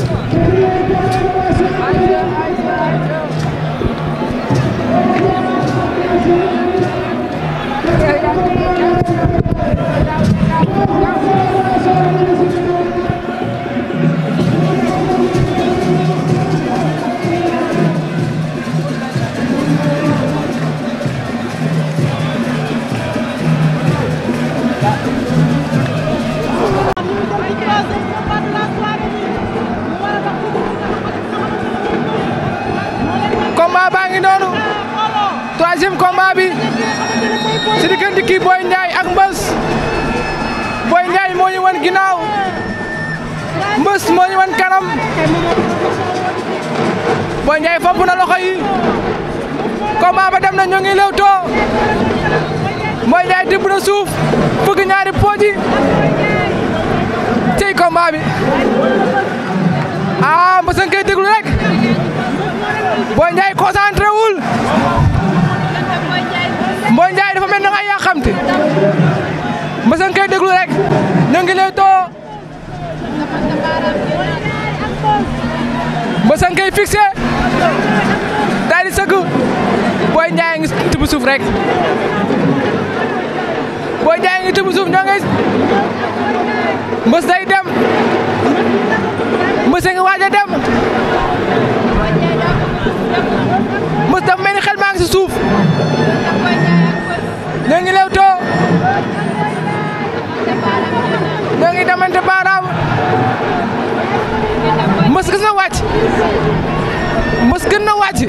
Thank you. ndiki Boy Ndiaye ak Mbeuss Boy Ndiaye moo ñu wan ginnaaw Mbeuss moo ñu wan kanam Boy Ndiaye fopp na loxo yi combat ba dem na ñu ngi lewtoo Boy Ndiaye tibb na suuf fukki ñaari pooji tey combat bi ah Mbeuss a rek Boy Ndiaye concentré ñu ngi Leewtoo Mbeusseung koy fixé daal di sëgg Boy ngi tibb suuf rek booy Niang ngi tibb suuf ñoo ngi Mbeus day dem Mbeus a ngi dem Mbeus dafa mel xel maa ngi suuf ñu ngi damante baaraam mës gis na wàcc mës na wàcc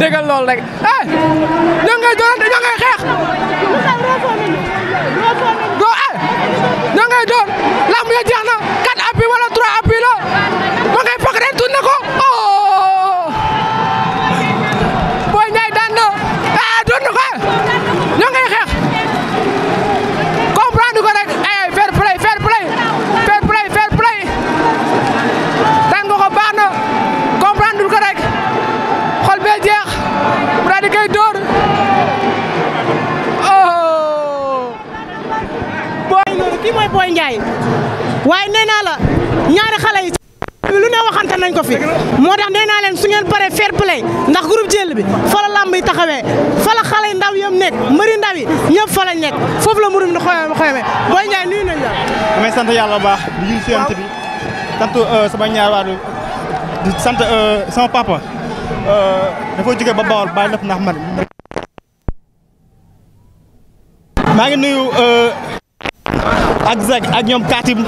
déggal loolu rek ah ñoo ngay doonante ñoo ngay xeex mooy Boy Ndiaye waaye nee naa la ñaari xale yi lu ne waxante ko fi moo tax nee naa leen su ngeen paree fair play ndax groupe jël bi fa la làmb yi taxawee fa la yi ndaw yam nekk mëri ndaw yi ñëpp fa la nekk foofu la murum di xoyam xoyame Boy Ndiaye nuyu nañ la damay sant yàlla bu baax di jul siyant bi sant euh, sama ñaar waadu di sant euh, sama papa euh, dafa jóge ba Bawol bàyyi lépp ma man maa ngi nuyu ak zeg ak ñoom kaatim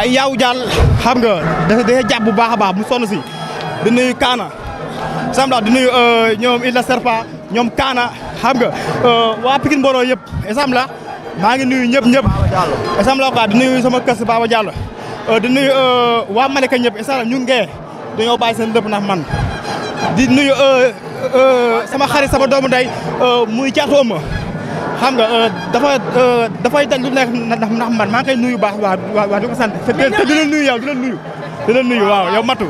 ay yaw jaal xam nga dafa dafa jàpp bu baax a baax mu sonn si di nuyu Kaana sambla di nuyu euh, ñoom Illa Serpa ñoom Kaana xam nga euh, waa Pikine Mboro yëpp sambla maa ngi nuyu ñëpp ñëpp sambla quoi di nuyu sama kër si Baba Diallo euh, di nuyu waa Malika ñëpp sambla ñu ngee dañoo bàyyi seen lépp ndax man di nuyu sama xarit sama doomu ndey muy caatu ëmma xam nga euh, dafa euh, dafay daj lu nekk maa koy nuyu baax waa waa di ko nuyu yow nuyu waaw yow matu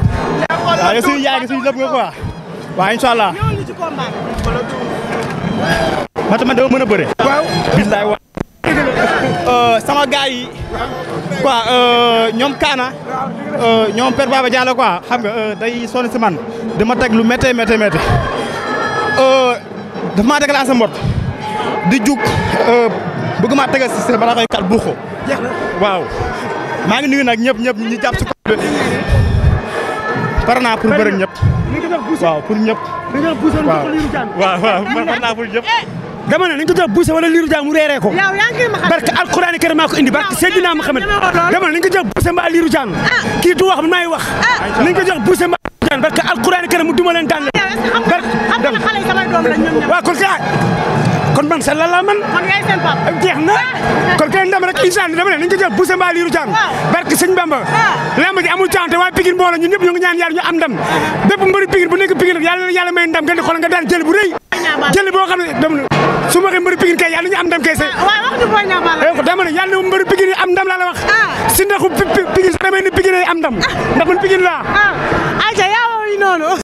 waaw yow suñu yaay gi suñu lépp nga quoi waaw allah matu man dama mën a bëre waaw billaay euh, sama gars yi quoi ñoom Kaana ñoom Père Baba Diallo quoi xam nga day sonn si man dama teg lu méttee méttee méttee maa déclenché mbot di jug euh, bëgg maa tegal si seen balaa koy kat buuxu. jeex waaw. maa ngi nuyu nag ñëpp ñëpp ñu jàpp si. pare naa pour bëri ñëpp. waaw pour ñëpp. waaw waaw waaw pare naa pour ñëpp. dama ne nañu ko jox buuse wala liiru jaan mu reeree ko barke alquraan kariim maa ko indi barke Seydina Muhammad dama ne nañu ko jox buuse mbaa liiru jaan ah. kii du wax maay wax ah. nañu ko jox buuse mbaa liiru jaan barke alquraan kariim mu duma leen daan leen barke dem waaw man sa lan laa man kon yaay seen papa jeex na ah. kon kay ndam rek insaan dama ne nañ ko jël bu sa mbaa liiru caan barke sëñ Bamba ah. lamb ji amul caan te waa Pikine boole ñun ñëpp ñu ngi ñaan yàlla ñu am ndam bépp mbëri Pikine bu nekk Pikine yàlla yàlla ndam nga di xool nga daan jël bu rëy jël boo xam ne dama ne su ma am ndam kay sa ah, eh, la wax si ndaxu Pikine sa damay ne Pikine am ndam ndax man